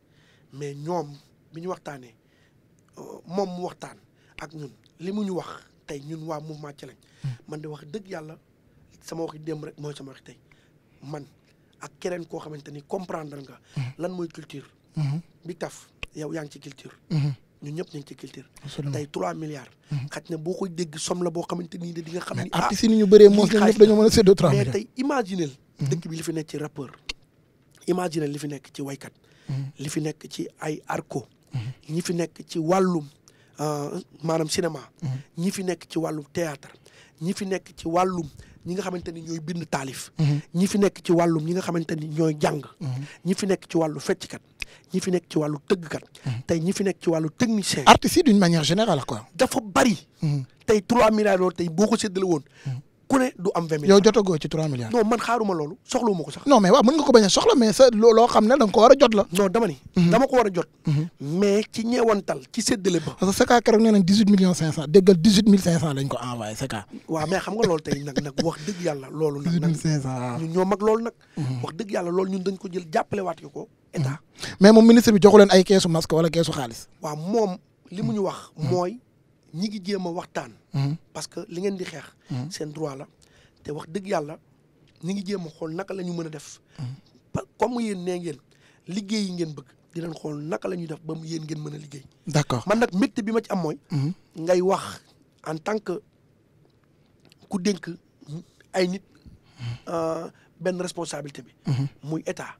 mais ñoom bi ñu waxtaanee euh, moom mu waxtaan ak ñun li mu ñu wax tey ñun waa mouvement ci lañ man di wax dëgg yàlla sama waxi démb rek mooy sama waxi tey man ak keneen koo xamante ni comprendre nga. lan mooy culture. bi taf yow yaa ngi ci culture. ñun ñëpp ñu ci culture. tey 3 milliards. Mhm. xat na boo koy dégg somme la boo xamante ni di nga xam ni. ah artistes yi ñu bëree moom a séddoo mhm. dëkk bi li fi nekk ci rappeur. imaginel li fi nekk ci waykat. Mhm. li fi nekk ci ay arco. ñi fi nekk ci wàllum euh, maanaam cinéma. ñi fi nekk ci wàllum théâtre ñi fi nekk ci wàllum ñi nga xamante ni ñooy bind taalif. ñi fi nekk ci wàllum ñi nga xamante ni ñooy jàng. ñi fi nekk ci wàllu fecckat. ñi fi nekk ci wàllu tëggkat. Mm-hmm. tey ñi fi nekk ci wàllu technicien. artistes yi d'une manière générale quoi. dafa bari. Mm-hmm. tey 3 milliards loolu tey boo ko séddale woon. Mm-hmm. ku ne du am vingt millions. yow jotagoo ci trois milliards. non man xaaruma loolu soxlawuma ko sax. non mais waaw mën nga ko bañ a soxla mais sa loo xam ne da nga a a jot. Mhm. Mhm. mais loolu nag nag yàlla loolu. dix ñun ñoo loolu nag. Mhm. wax dëgg yàlla loolu ñun dañ ko jël jàppale waat ko état. mais moom ministre bi joxu leen ay keesu masque wala keesu xaalis. waaw moom li mu ñu wax mooy ñi ngi jéem a waxtaan. Mhm. parce que li ngeen di xeex. Mhm. seen droit la te wax dëgg yàlla ñi ngi jéem a xool naka la ñu mën a def. Mhm. comme yéen nee ngeen liggéey yi ngeen bëgg dinañ xool naka la ñuy def ba mu yéen ngeen mën a liggéey. d'accord man nag métti bi ma ci am mooy. ngay wax en tant que ku dénk ay nit. Euh, benn responsabilité bi. muy état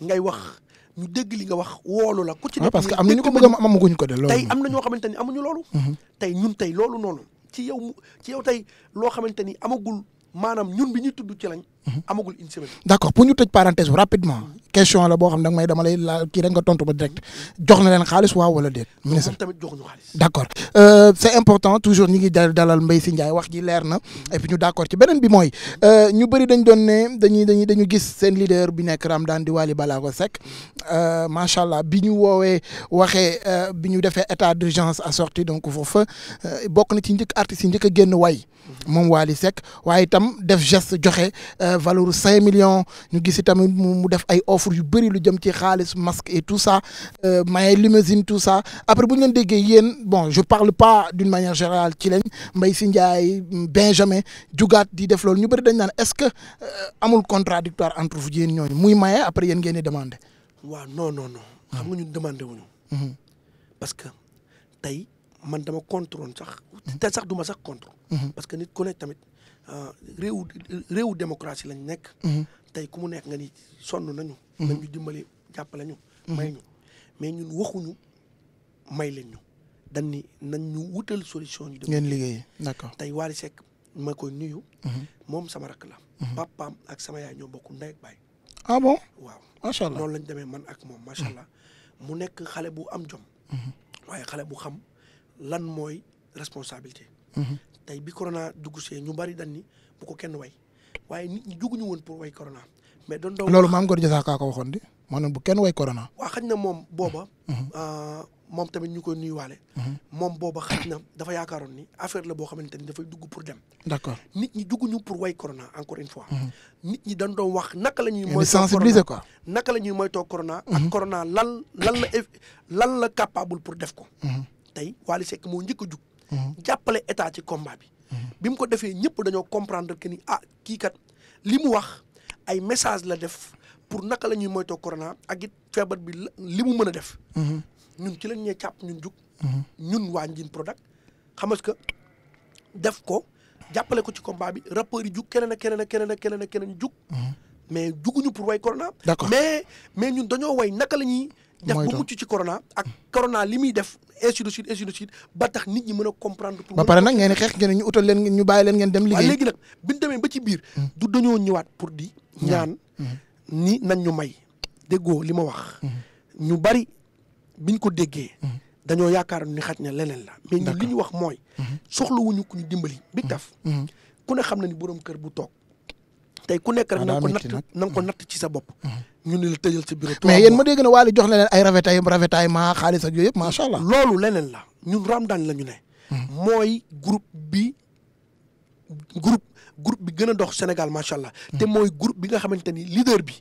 ngay wax. ñu dégg li nga wax woolu la ku ah, parce que am na ñu ko bëgg am amaguñ ko de loolu tey am na ñoo xamante ni amuñu loolu mhm. tey ñun tey loolu noonu ci yow ci yow tey loo xamante ni amagul maanaam ñun bi ñuy tudd ci lañ amagul une semaine. d' accord pour ñu tëj parenthèse rapidement question la boo xam ne may dama lay la kii direct jox na leen xaalis waaw wala déet. ministre tamit joxuñu xaalis. d' accord euh, important toujours ñu ngi dalal Mbaye Sy Ndiaye wax ji leer na et puis ñu d' ci beneen bi mooy euh, ñu bëri dañ doon ne dañuy dañuy dañu gis seen leader bi nekk Ramdan di Waly Balago Seck euh, macha allah bi ñu woowee waxee bi ñu defee état d' urgence assorti donc foofa bokk na ci njëkk artistes yi njëkk a génn way moom Waly Seck waaye itam def geste joxe. valeur cinq millions ñu gis tamit mu def ay offre yu bëri lu jëm ci xaalis masque et tout ça euh, maye limousine tout ça après bu ñu leen déggee yéen bon je parle pas d'une manière générale ci lañ Mbaye Sy Ndiaye Benjamin jugaat di def loolu ñu bëri dañ naan est-ce que euh, amul contradictoire entre vous yéen ñooñu muy maye après yéen ngeen di demandé. waaw non non non. nga ñun demandé wuñu mm-hmm. parce que tey man dama contrôle sax. Mm-hmm. te sax duma sax contre. Mm-hmm. parce que nit Euh, réew réewu démocratie lañ nekk. Mhm. tey ku mu nekk nga ni sonn nañu. Mhm. nañ ñu dimbali jàppale ñu. Mhm. may ñu mais ñun waxuñu may leen ñu dañ ni nañ ñu wutal solution. ñu dem ngeen liggéey d'accord tey Wally Seck ma koy nuyu. moom sama rakk la. papaam ak sama yaay ñoo bokk ndey ak baay. ah waaw macha allah noonu lañ demee man ak moom macha allah mu nekk xale bu am jom. waaye xale bu xam lan mooy responsabilité. tey bi corona dugg see ñu bari dañ ni bu ko kenn way waaye nit ñi juguñu woon pour way corona. mais doon doon loolu maam Gor ko waxoon di maanaam bu kenn way corona. waa xaj na moom booba. Mhm. Euh, moom tamit ñu koy nuyuwaale. Mhm. moom booba xaj na yaakaaroon ni affaire la boo xamante ni dafay dugg pour dem. d'accord nit ñi juguñu pour way corona encore une fois. Mhm. nit ñi dañ doon wax naka la ñuy. mooy sensibiliser quoi naka la ñuy moytoo corona. ak corona lan lan la lan la capable pour def ko. tey Wally Seck moo njëkk a jug. Mm-hmm. jàppale état ci combat bi. Mm-hmm. bi mu ko defee ñëpp dañoo comprendre que ni ah kii kat li mu wax ay message la def pour naka la ñuy moytoo corona ak it feebar bi li mu mën a def. Mm-hmm. ñun ci lañ ñee càpp ñun jug. ñun waa Njin Prodac xam nga def ko jàppale ko ci combat bi rappeurs yi jug keneen ak keneen ak keneen ak keneen ak keneen jug. mais juguñu pour way corona. mais mais ñun dañoo way naka la ñuy. def bu mucc ci corona ak corona li muy def ainsi de ba tax nit ñi mën a comprendre. pour ba pare nag ngeen xeex ngeen ñu utal leen ñu bàyyi leen ngeen dem. liggéey waaw ñu demee ba ci biir. Mm. du dañoo ñëwaat pour di. ñaan mm-hmm. ni nañ ñu may. déggoo li ma wax. Mm-hmm. ñu bari biñ ko déggee. Mm-hmm. dañoo yaakaar ni xaj na leneen la. mais ñu li ñu wax mooy. soxlawuñu ku ñu dimbali. bi taf ku ne xam na ni borom kër bu toog. tey ku nekk rek ah, na nga ko natt na nga ko ci sa bopp mm-hmm. ñu ni la tëjal sa bureau mais yéen ma dégg na Wally jox na leen ay rafetaay rafetaay ma xaalis ak yooyu yëpp macha allah loolu leneen la ñun Ramadan la ñu ne mm-hmm. mooy group bi groupe groupe bi gën a dox Sénégal macha allah te mm-hmm. mooy groupe bi nga xamante ni leader bi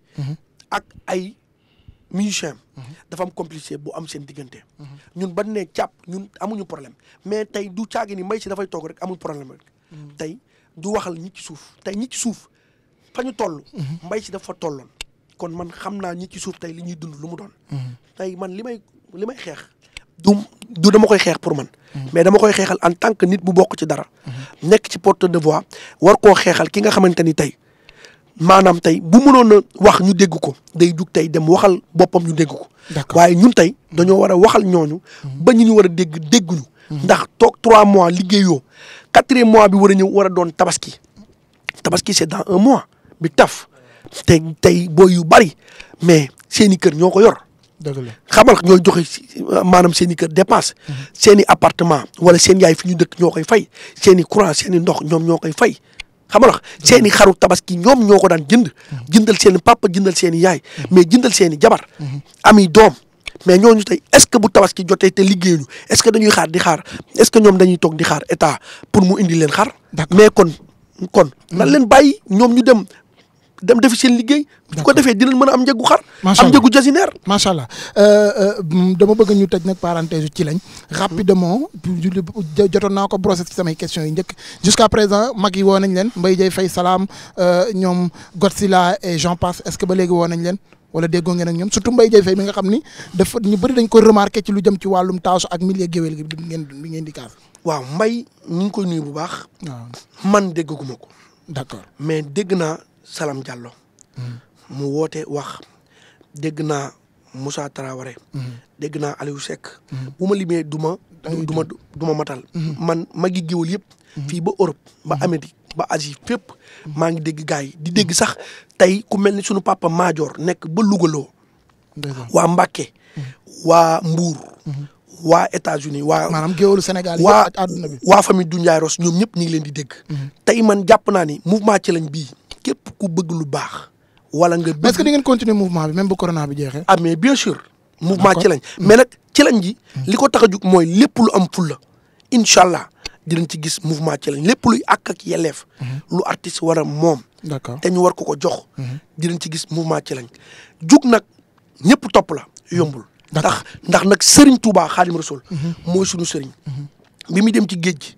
ak ay musicien dafa am compliqué bu am seen diggante ñun ban ne càpp ñun amuñu problème mais tey du caagi ni may si dafay toog rek amul problème rek tey du waxal ñi ci suuf tey ñi ci suuf fa ñu toll. Mhm. mbay si dafa tolloon. kon man xam naa ñi ci suuf tey li ñuy dund lu mu doon. Mhm. tey man li may li may xeex. du du dama koy xeex pour man. Mhm. mais dama koy xeexal en tant que nit bu bokk ci dara. nekk ci porte de voix war koo xeexal ki nga xamante ni tey maanaam tey bu mënoon a wax ñu dégg ko day jug tey dem waxal boppam ñu dégg ko. waaye ñun tey dañoo war a waxal ñooñu. ba ñu ñu war a dégg dégguñu. ndax toog trois mois liggéeyoo quatrième mois bi war a ñëw war a doon tabaski tabaski c'est dans un mois. bi taf te tey booy yu bari mais seen i kër ñoo ko yor. dëgg la xamal ñooy joxe maanaam seen i kër dépense. Mhm. seen i appartement wala seen yaay fi ñu dëkk ñoo koy fay seeni i courant seen ndox ñoom ñoo koy fay. xamal seen i xaru tabaski ñoom ñoo ko daan jënd. Mhm. jëndal seeni i papa jëndal seen i yaay. Mhm. mais jëndal seen i jabar. ami doom mais ñooñu tey est ce que bu tabaski jotee te liggéeyuñu est ce que dañuy xaar di xaar est ce que ñoom dañuy toog di xaar état pour mu indi leen xar. mais kon kon. nan leen bàyyi ñoom ñu dem dem defi seen liggéey. bu ko defee dinañ mën a am njëgu xar. am njëgu jasineer. macha allah euh, euh, mm, dama bëgg ñu tëj nag parenthèse ci lañ. rapidement jotoon naa ko brosser ci samay questions yi njëkk. jusqu'à présent mag yi woo nañ leen Mbaye Dieye Faye Salam euh, ñoom Godzilla et j'en passe est-ce que ba léegi woo nañ leen. wala déggoo ngeen ak ñoom surtout Mbaye Dieye Faye mi nga xam ni dafa ñu bëri dañ ko remarqué ci lu jëm ci wàllum taasu ak milieu géwél gi bi ngeen bi ngeen di kaas. waaw Mbaye bu baax. man déggaguma ko. d'accord mais dégg naa salaam Diallo. Hmm. mu woote wax dégg naa Moussa Traoré. Hmm. dégg naa Aliou Seck. Hmm. bu ma limee du ma du ma du ma matal. man ma ngi géwël yëpp. fii ba Europe ba Amérique ba Asie fépp. maa ngi dégg gars yi di dégg sax tey ku mel ni sunu papa Maajoor nekk ba Lougaloo. waa Mbacke. waa Mbour. waa états uni waa. maanaam géwëlu Sénégal waa àdduna bi. waa famille Doudou Ndiaye Rose ñoom ñëpp ñu ngi leen di dégg. tey man jàpp naa ni mouvement ci lañ bii. ku bëgg lu baax. wala nga bëgg mais est-ce que di ngeen continuer mouvement bi même bu corona bi jeexee. ah mais bien sûr. mouvement lañ mais nag ci lañ ji. Hmm. li ko tax a jug mooy lépp lu am fulla incha allah dinañ ci gis mouvement ci lañ lépp luy àq ak yelleef. Hmm. lu artiste war a moom. d'accord te ñu war ko ko jox. Hmm. dinañ ci gis mouvement ci lañ. jug nag ñëpp topp la yombul. ndax ndax nag Serigne Touba Xaadim Rasul. mooy sunu Serigne. bi mu dem ci géej gi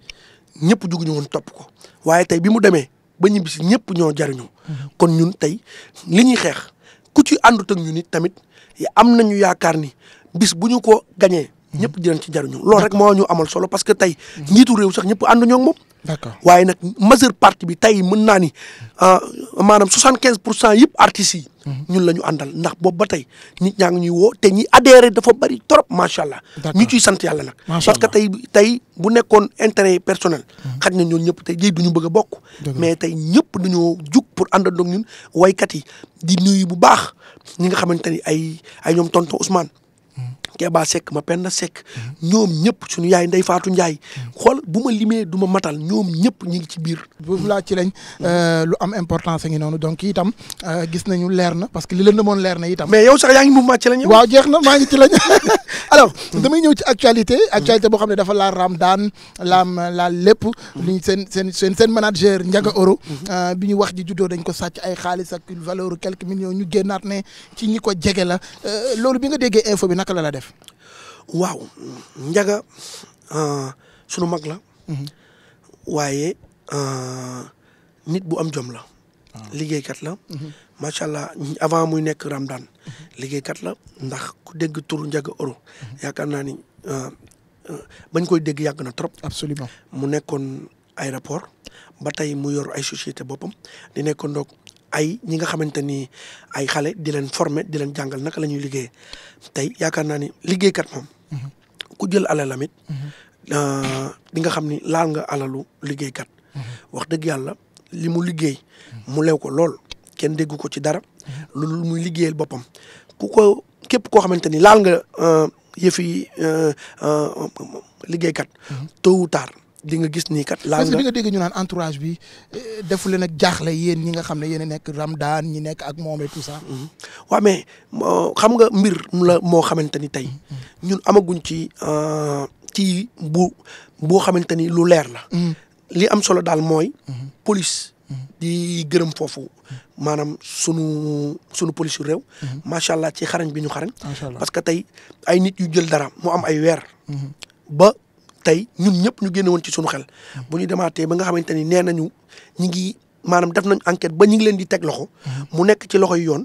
ñëpp juguñu woon topp ko waaye tey bi mu demee. ba ñibbi si ñëpp ñoo jariñu kon ñun tey li ñuy xeex ku ci àndut ak ñun it tamit am nañu yaakaar ni bis bu ñu ko gañee ñëpp dinañ ci jariñu loolu rek moo ñu amal solo parce que tey njiitu réew sax ñëpp ànduñoo ak moom. d'accord waaye nag majeure partie bi tey mën naa ni ah, maanaam soixante quinze pour cent yëpp artistes yi. Mhm. ñun la ñu àndal ndax boobu ba tey nit ñaa ngi ñuy woo te ñi adhéré dafa bëri trop macha allah. ñu ciy sant yàlla nag. parce que tey tey bu nekkoon intérêt personnel. Mhm. xaj na ñëpp tey jii du ñu bëgg a bokk. mais tey ñëpp dañoo jug pour àndandoo ak ñun waykat yi di nuyu bu baax ñi nga xamante ni ay ay ñoom tonton Ousmane. Keba Seck ma Penda Seck ñoom ñëpp suñu yaay Ndey Faatu Njaay xool bu ma limee du ma matal ñoom ñëpp ñu ngi ci biir boobu laa ci lañ euh, lu am importance ngi noonu donc itam euh, gis nañu leer na parce que li leen da moon leer na itam mais yow sax yaa ngi mouvement ci lañ waaw ci lañ alors damay ñëw ci actualité boo xam ne dafa laal raam daan laam laal lépp liñ seen seen seen seen manager Ndiaga Euro euh, bi ñu wax ji juddoo dañ ko sàcc ay xaalis ak valeur quelques millions ñu génnaat ne ci ñi ko jege la loolu bi nga déggee info bi naka la la def waaw njaga euh, sunu mag la. Mhm. waaye euh, nit bu am jom la. Ah. liggéeykat la. Mhm. macha allah avant muy nekk Ramadan. Mhm. liggéeykat la ndax ku dégg tur njaga euro yaakaar naa ni euh, bañ koy dégg yàgg na trop. absolument mu nekkoon aéroport ba tey mu yor ay société boppam di nekkoon donc ay ñi nga xamante ni ay xale di leen former di leen jàngal naka lañuy liggéey tey yaakaar naa ni liggéeykat moom. Mm-hmm. ku jël alalam it. Mm-hmm. Euh, nga xam ni laal nga alalu liggéeykat. Mm-hmm. wax dëgg yàlla li mu liggéey. mu lew ko lool kenn déggu ko ci dara. loolu muy liggéeyal boppam ku ko képp koo xamante ni laal nga euh, yëfi euh, liggéeykat. tôt ou li nga gis nii kat. laa nga dégg ñu naan entourage bi eh, defu leen ak jaaxle yéen ñi nga xam ne yéen a nekk daan ñi nekk ak moom et tout ça. waaw mm-hmm. mais euh, xam nga mbir la moo xamante ni tey mm-hmm. ñun amaguñ ci euh, ci bu boo xamante ni lu leer la. Mm-hmm. li am solo daal mooy. police. di gërëm foofu maanaam sunu sunu police yu réew. macha allah ci xarañ bi ñu xarañ. parce que tey ay nit yu jël dara mu am ay weer. tey ñun ñëpp ñu génne woon ci suñu xel bu ñu demaatee ba nga xamante ni nee nañu ñi ngi maanaam def nañ enquête ba ñu ngi leen di teg loxo mu nekk ci loxo yi yoon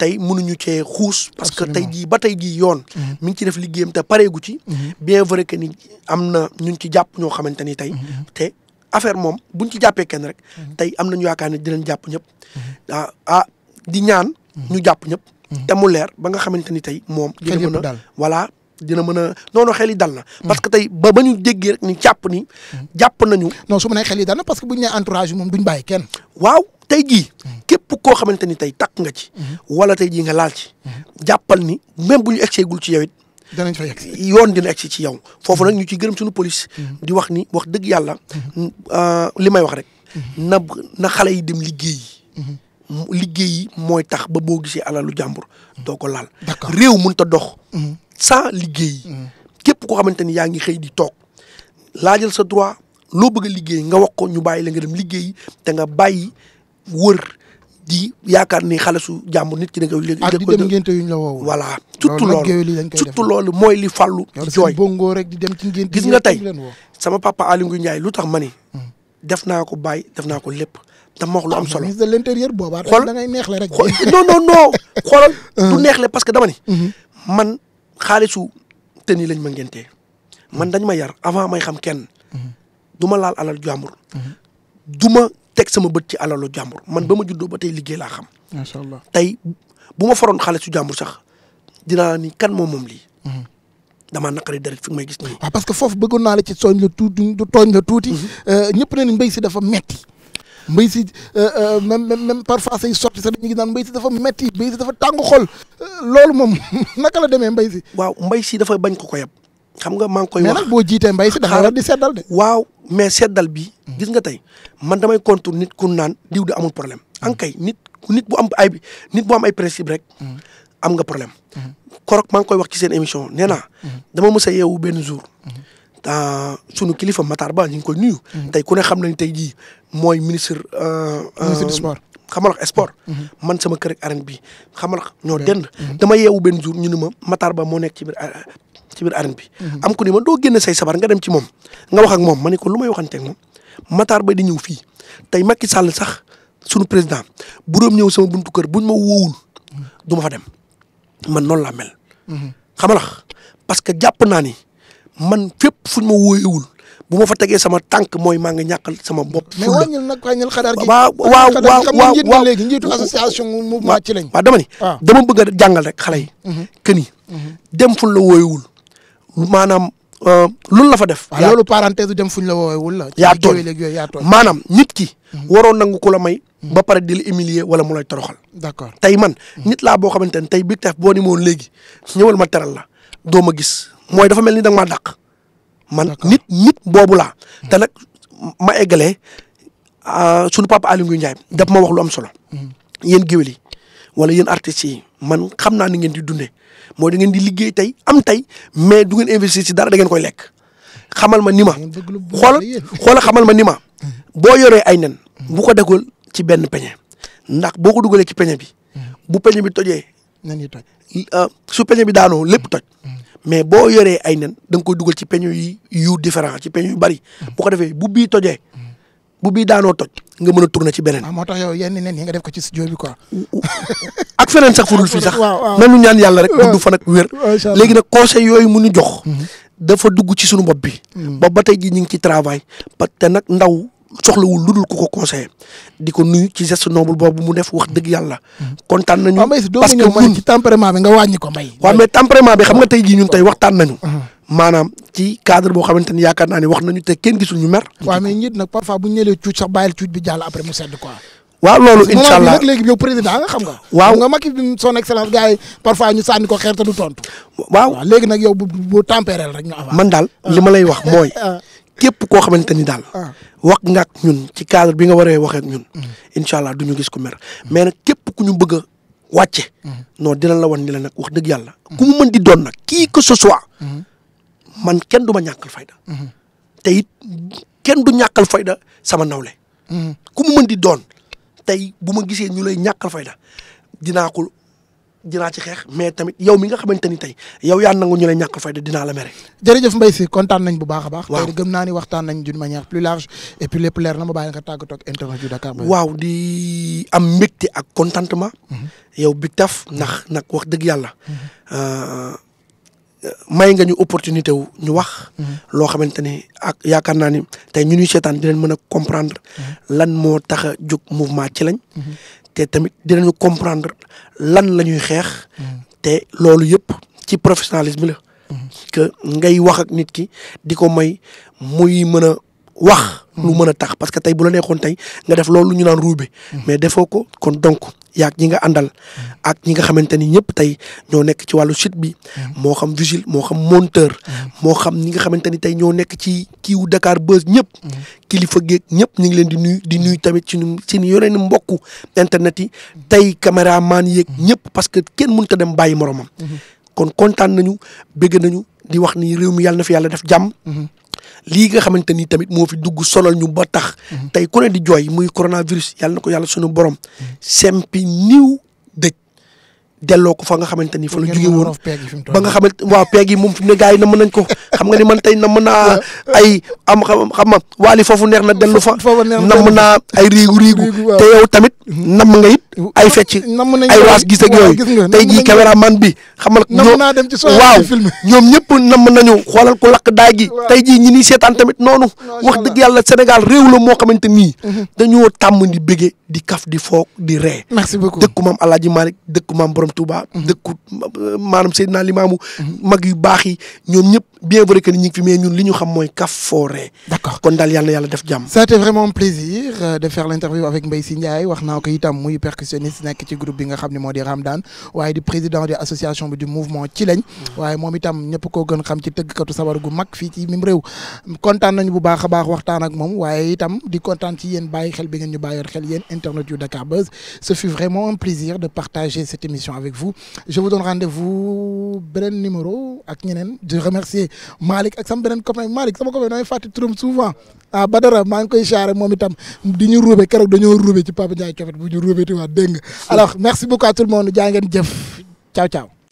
tey mënuñu cee xuus parce que tey jii ba tey jii yoon mhm. mi ngi ci def liggéeyam pareegu ci mhm. bien vrai que ni am na ñun ci jàpp ñoo xamante ni tey mhm. te affaire moom buñ ci jàppee kenn rek tey am nañu yaakaar ne dinañ jàpp ñëpp ah ah di ñaan ñu jàpp ñëpp te mu leer ba nga xamante ni tey moom dina mën a voilà dina mën a noonu xel yi dal na. Hmm. parce que tey ba ba ñu déggee rek càpp ni. Hmm. jàpp nañu. non su ma nee xel yi dal na parce que bu ñu nee entourage bi moom duñ bàyyi waaw tey jii. Hmm. képp koo xamante ni tey takk nga ci. wala tey jii nga laal jàppal ni même bu ñu egseegul ci yow it. danañ fa egsi yoon dina egsi ci yow. foofu nag ñu ciy gërëm suñu police. di wax ni wax dëgg yàlla. Euh, li may wax rek. na na xale yi dem liggéey yi liggéey mooy tax ba boo gisee alalu jàmbur doo ko laal. réew mënut a dox. sans liggéey. képp koo xamante ni yaa ngi xëy di toog laajal sa droit loo bëgg a liggéey nga wax ko ñu bàyyi la nga dem liggéey te nga war wër di yaakaar ni xale su jàmbur nit ki da nga. ak di dem ngénte yuñ la woowu. voilà surtout loolu surtout loolu mooy li fàllu. di dem ci ngénte gis nga tey sama papa Aliou Ndiaye lu tax ma ni. Hmm. def naa ko bàyyi def naa ko lépp. te ma wax lu am ah, solo ministre de l'intérieur boobaa. xool da ngay neexle rek. non non du ah. neexle parce que dama ni. Hmm. man xaalisu te nii lañ ma ngentee man dañ ma yar avant may xam kenn du ma laal alal jàmbur du ma teg sama bët ci alalu jàmbur man ba ma juddoo ba tey liggéey laa xam macha allah tey bu ma faroon xaalisu jàmbur sax dinaa ni kan moom moom lii mhm. damaa naqari deret fi may gis nii waaw parce que foofu bëggoon naa la ci sooñ la tuuti du tooñ la tuuti mhm. euh, ñëpp ne nañ mbéy si dafa metti mbay si euh, euh, même même parfois say sorti sax dañu ngi naan mbay si dafa metti mbay si dafa tàng xol euh, loolu moom la demee mbay waaw mbay si dafa bañ ko ko yab. xam nga maa ngi koy wax mais nag boo jiitee mbay si dafa di seddal de. waaw mais seddal bi. Hmm. gis nga tey man damay contre nit ku naan diw di amul problème. Hmm. ankay nit nit bu am ay nit bu am ay principe rek. Hmm. am nga problème. korok maa ngi koy wax ci seen émission nee naa. dama mës a benn jour. Euh, sunu kilifa Matar Ba ñu ngi koy nuyu. Mm-hmm. tey ku ne xam nañ tey jii mooy ministre. Euh, ministre du euh, sport. xamalax sport. Mm-hmm. man sama kër ak arène bi xamalax ñoo mm-hmm. dend. dama yeewu benn jour ñu ne ma Matar Ba moo nekk ci biir ci biir arène bi. am ku ni ma doo génne say sabar nga dem ci moom nga wax ak moom ma ne ko lu may waxanteeg moom Matar Ba di ñëw fii tey Macky Sall sax sunu président bu doon ñëw sama buntu kër buñ ma woowul du ma fa dem man noonu laa mel. xamalax parce que jàpp naa ni. man fépp fuñ ma wóoyewul bu ma fa tegee sama tànk mooy maa ngi ñàkkal sama bopp. mais wàññil nag wàññil xadaar gi. waaw waaw waaw waaw njiit na léegi njiitu association mouvement ci lañ. waaw dama ni. Ah. dama bëgg a jàngal rek xale yi. Mhm. que ni mhm. dem fuñ la wóoyewul maanaam loolu euh, la fa def. Ah, yaa loolu parenthèse dem fuñ la wóoyewul la. yaa tooñ maanaam nit ki. Mhm. waroon nangu ku la may. ba pare di la humilier wala mu lay toroxal. d'accord tey man. nit laa boo xamante ne tey Big Taf boo ni moon léegi ñëwal ma teral la doo ma gis. mooy dafa mel ni danga maa dàq. man nit nit boobu laa. te nag ma eggalee ah, sunu papa Aliou Ndiaye daf ma wax lu am solo. Mm-hmm. yéen géwél yi wala yéen artistes man xam naa ni ngeen di dundee mooy da ngeen di liggéey tey am tey mais du ngeen investir ci dara da ngeen koy lekk. xamal ma ni ma xool xool xamal ma ni ma mm-hmm. boo yoree ay nen. bu ko mm-hmm. daggal ci benn peñe ndax boo ko dugalee ci peñe bi. bu peñe bi tojee. nan ah, su peñe bi daanoo lépp toj. mais boo yoree ay nen da nga koy dugal ci peñu yi yu différent ci peñu yu bari mm-hmm. boo ko defee bu bii tojee mm-hmm. bu bii daanoo toj nga mën a tourner ci beneen. waaw ah, moo tax yow yenn nen yi nga def ko ci studio bi quoi. ak feneen sax fudul fii sax. waaw nanu ñaan yàlla rek. waaw gudd fan ak wér. léegi nag conseil yooyu mu ñu jox. Mm-hmm. dafa dugg ci sunu bopp bi. ba ba tey jii ñu ngi ci travail. ba te nag ndaw soxla soxlawul lu dul ku ko conseillé di ko nuyu ci geste noble boobu mu def wax dëgg yàlla. kontaan nañu ah, parce que ñun ci nga wàññi ko may. waaw mais tempérament bi xam nga ah. tey jii ñun tey ah. waxtaan nañu. maanaam ci cadre boo xamante ni yaakaar naa ne wax nañu te kenn gisul ñu mer. waaw mais nit nag parfois bu ñu ñëwee cuuc sax bi jàll après mu sedd quoi. waaw loolu léegi yow président xam nga. waaw nga Macky son excellence gars yi parfois ñu sànni ko xeer te du tontu. waaw léegi nag yow bu bu tempéré rek ñu. man daal li ma lay wax mooy. képp koo xamante ni daal. Ah. wax nga ak ñun ci cadre bi nga waree waxee ak ñun. incha allah du ñu gis ku mer mais nag képp ku ñu bëgg a wàcce. dina la wan ni la nag wax dëgg yàlla. ku mu mën di doon nag kii que ce man kenn du ma ñàkkal fayda. te it kenn du ñàkkal fayda sama nawle. ku mu mën di doon tey bu ma gisee ñu lay ñàkkal fayda dinaa ko. dinaa ci xeex mais tamit yow mi nga xamante ni tey yow yaa nangu ñu la ñàkk fayda dinaa la mere. jërëjëf Mbaye Sy kontaan nañ bu baax a baax. waaw tey gëm naa ni waxtaan nañ d'une manière plus large et puis lépp leer na ma bàyyi nga tàggatoo ak internet yu Dakar. waaw ak contentement. Mhm. yow bi taf ndax mhm. nag wax dëgg yàlla. Mhm. Euh, may nga ñu opportunité wu ñu wax. loo xamante ni ak yaakaar naa ni tey ñu ñuy seetaan di leen mën a comprendre. lan moo tax a jóg mouvement ci lañ. te tamit dinañu comprendre lan la ñuy xeex. te loolu yëpp ci professionnalisme la. Mm-hmm. que ngay wax ak nit ki di ko may muy mën wax lu mën a tax parce que tey bu la neexoon tey nga def loolu ñu naan ruube mais defoo ko kon donc yaak ñi nga àndal ak ñi nga xamante ni ñëpp tey ñoo nekk ci wàllu site bi moo xam vigile moo xam monteur moo xam ñi nga xamante ni tey ñoo nekk ci kiiwu Dakar Buzz ñëpp kilifa géeg ñëpp ñu ngi leen di nuyu di nuyu tamit ci ñu ci ñu yore ni mbokku internet yi tey caméraman yeeg ñëpp parce que kenn mun a dem bàyyi moromam kon kontaan nañu bëgg nañu di wax ni réew mi yàlla na fi yàlla def jàmm lii nga xamante ni tamit moo fi dugg sonal ñu ba tax. Mhm. tey ku ne di jooy muy coronavirus yàlla na ko yàlla sunu borom. Mhm. sempi niw dëj. delloo ko fa nga xamante ni fa la jóge woon ba nga xamante waaw peeg yi moom fi mu ne gars yi namm nañ ko xam nga ni man tey namm naa ay am xam ma waali foofu neex na dellu fa namm naa ay riigu riigu te yow tamit mhm. namm nga it ay fecc ay waas gis ak yooyu tey jii caméraman bi xamal waaw ñoom ñëpp namm nañu xoolal ku lakk daay gi tey jii ñi ni seetaan tamit noonu wax dëgg yàlla Sénégal réew la moo xamante mhm. dañoo tàmm di bége di kaf di foog di ree dëkku maam Alaaji Malick dëkku maam borom Touba. dëkku maanaam Seydina Limaamu mag yu baax yi ñoom ñëpp bien vrai que ni ñu ngi fi mais ñun li xam mooy CAF Foré. d'accord kon daal yàlla na yàlla def jàmm. ça a vraiment plaisir euh, de faire l'interview avec Mbaye Sy Ndiaye wax naa itam muy percussionniste nekk ci groupe bi nga xam ne moo di Ramdan waaye di président de association bi du mouvement ci lañ. Mm. waaye moom itam ñëpp koo gën xam ci tëggkatu sabar gu mag fii ci mim réew. nañu bu baax a baax waxtaan ak moom itam di kontaan ci yéen bàyyi xel bi ngeen ñu bàyyoon xel yéen internet Malick ak sama beneen copain Malick sama copain damay fàtte turam souvent a ah, Badara maa ngi koy charré moom itam di ñu ruube keroog dañoo ruube ci Papa Ndiaye Kafet bu ñu ruube ti waa dégg nga alors merci beaucoup a tout le monde jaa ngeen jëf ciao ciao